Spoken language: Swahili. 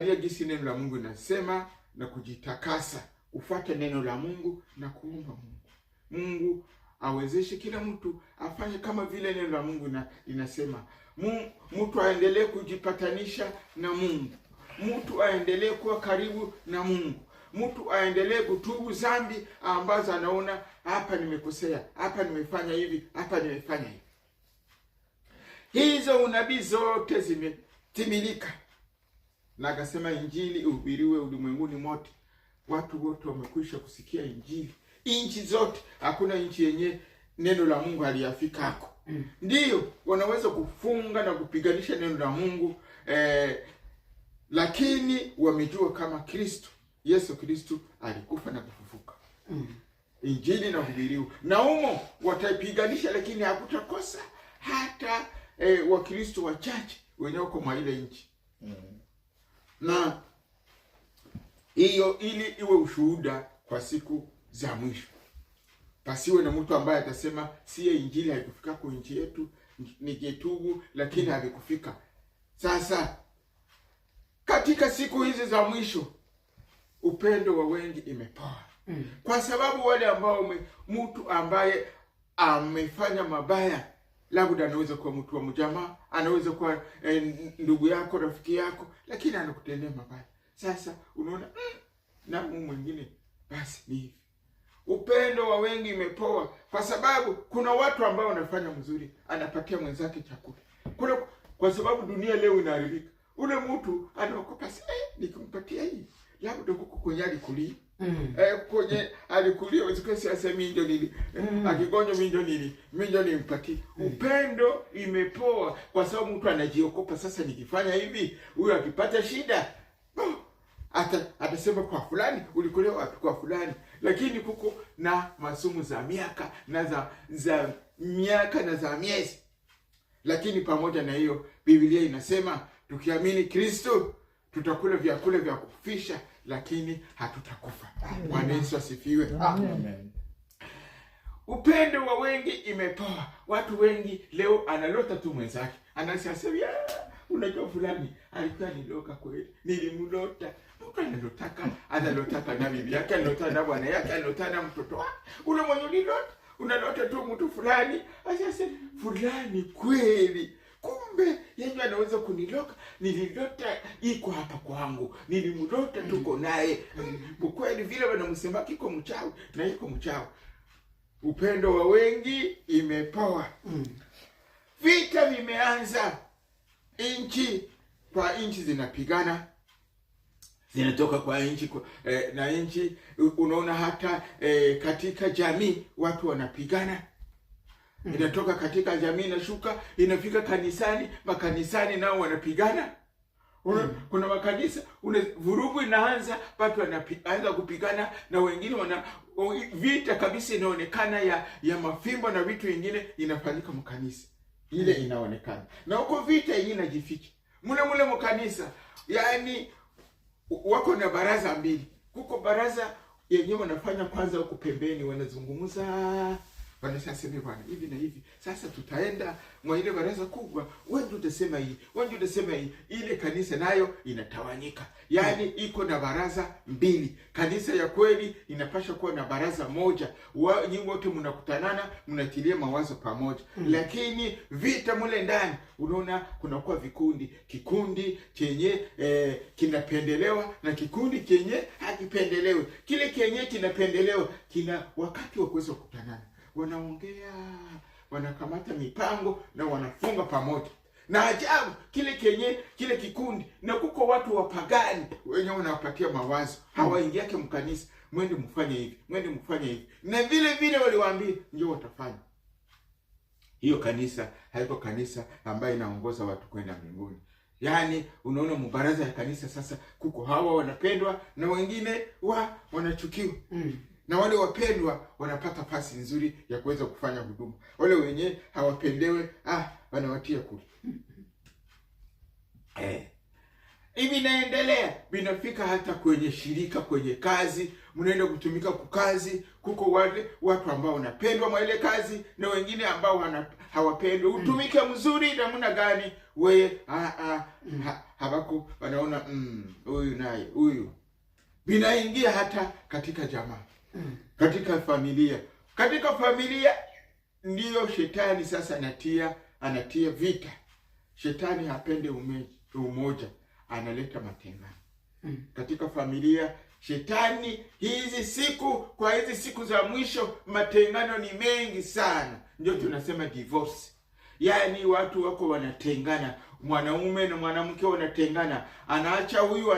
Angalia jinsi neno la Mungu linasema na kujitakasa, ufate neno la Mungu na kuomba Mungu. Mungu awezeshe kila mtu afanye kama vile neno la Mungu linasema. Mtu aendelee kujipatanisha na Mungu, mtu aendelee kuwa karibu na Mungu, mtu aendelee kutubu zambi ambazo anaona, hapa nimekosea, hapa nimefanya hivi, hapa nimefanya hivi. Hizo unabii zote zimetimilika na akasema injili ihubiriwe ulimwenguni mote. Watu wote wamekwisha kusikia injili, nchi zote. Hakuna nchi yenye neno la Mungu aliyafikako Mm. Ndiyo wanaweza kufunga na kupiganisha neno la Mungu eh, lakini wamejua kama Kristo Yesu Kristo alikufa na kufufuka. Mm. Injili inahubiriwa na umo wataipiganisha, lakini hakutakosa hata eh, Wakristo wachache wenyeko mwaile mwa ile nchi. Mm na hiyo ili iwe ushuhuda kwa siku za mwisho, pasiwe na mtu ambaye atasema siye injili haikufika kwa nchi yetu, nijetubu lakini havikufika. Sasa katika siku hizi za mwisho upendo wa wengi imepoa, mm. kwa sababu wale ambao mtu ambaye amefanya mabaya labda anaweza kuwa mtu wa mjamaa, anaweza kuwa eh, ndugu yako, rafiki yako, lakini anakutendea mabaya. Sasa unaona mm, na Mungu mwingine basi ni hivi. Upendo wa wengi imepoa, kwa sababu kuna watu ambao wanafanya mzuri, anapatia mwenzake chakula kwa sababu dunia leo inaharibika. Ule mtu anaokopa eh, nikimpatia hii yabudo kuko kwenye Mm. Eh, kwenye minjo nini mm. akigonyo minjo nini minjo ni mpaki mm. upendo imepoa kwa sababu mtu anajiokopa sasa, nikifanya hivi huyo akipata shida oh, ata atasema kwa fulani ulikulewa wapi kwa fulani, lakini kuko na masumu za miaka na za za miaka na za miezi, lakini pamoja na hiyo Biblia inasema tukiamini Kristo tutakula vyakula vya kufisha, lakini hatutakufa. Bwana Yesu asifiwe. Amen. Upendo wa wengi imepoa. Watu wengi leo analota tu mwenzake, anasiasemia unajua fulani alikuwa niloka kweli, nilimlota. Mtu analotaka analotaka na bibi yake, analota na bwana yake, analota na mtoto Ule mwenye ulilota unalota tu mtu fulani, asiase fulani kweli kumbe yeye anaweza kuniloka. Nililota iko hapa kwangu, nilimlota tuko naye mkweli vile wanamsema kiko mchawi na iko mchawi. Upendo wa wengi imepoa, vita vimeanza, nchi kwa nchi zinapigana zinatoka kwa nchi eh, na nchi unaona hata eh, katika jamii watu wanapigana Mm. inatoka katika jamii inashuka inafika kanisani, makanisani nao wanapigana una, mm. kuna makanisa una, vurugu inaanza, watu wanaanza kupigana na wengine wana vita kabisa, inaonekana ya ya mafimbo na vitu vingine inafanyika mkanisa ile mm. inaonekana na huko vita yenyewe inajificha mule mule mkanisa. Yani wako na baraza mbili, kuko baraza yenyewe wanafanya kwanza, huko pembeni wanazungumza wanasema bwana hivi na hivi, sasa tutaenda mwa ile baraza kubwa, wewe ndio utasema hii, wewe ndio utasema hii. Ile kanisa nayo inatawanyika, yaani iko na baraza mbili. Kanisa ya kweli inapasha kuwa na baraza moja, nyinyi wote mnakutanana, mnatilia mawazo pamoja hmm. Lakini vita mule ndani, unaona kunakuwa vikundi, kikundi chenye eh, kinapendelewa na kikundi chenye hakipendelewi. Kile chenye kinapendelewa kina wakati wa kuweza kukutanana wanaongea, wanakamata mipango na wanafunga pamoja. Na ajabu kile kenye kile kikundi, na kuko watu wapagani wenye wanawapatia mawazo, hawaingiake mkanisa, mwende mfanye hivi, mwende mfanye hivi, na vile vile waliwaambia ndio watafanya hiyo. Kanisa haiko kanisa ambayo inaongoza watu kwenda mbinguni. Yaani, unaona mbaraza ya kanisa sasa, kuko hawa wanapendwa na wengine wa wanachukiwa. mm na wale wapendwa wanapata pasi nzuri ya kuweza kufanya huduma. Wale wenyewe hawapendewe, ah, wanawatia kule eh. Hivi naendelea vinafika hata kwenye shirika, kwenye kazi, mnaenda kutumika kukazi, kuko wale watu ambao wanapendwa mwa ile kazi na wengine ambao hawapendwi. Utumike mzuri namna gani wewe? ah, ah, ha, habaku wanaona mm, huyu mm, naye huyu, vinaingia hata katika jamaa katika familia. Katika familia ndiyo shetani sasa anatia anatia vita. Shetani hapende umoja, analeta matengano hmm. katika familia. Shetani hizi siku kwa hizi siku za mwisho matengano ni mengi sana, ndio tunasema divorce. Yaani watu wako wanatengana, mwanaume na mwanamke wanatengana, anaacha huyu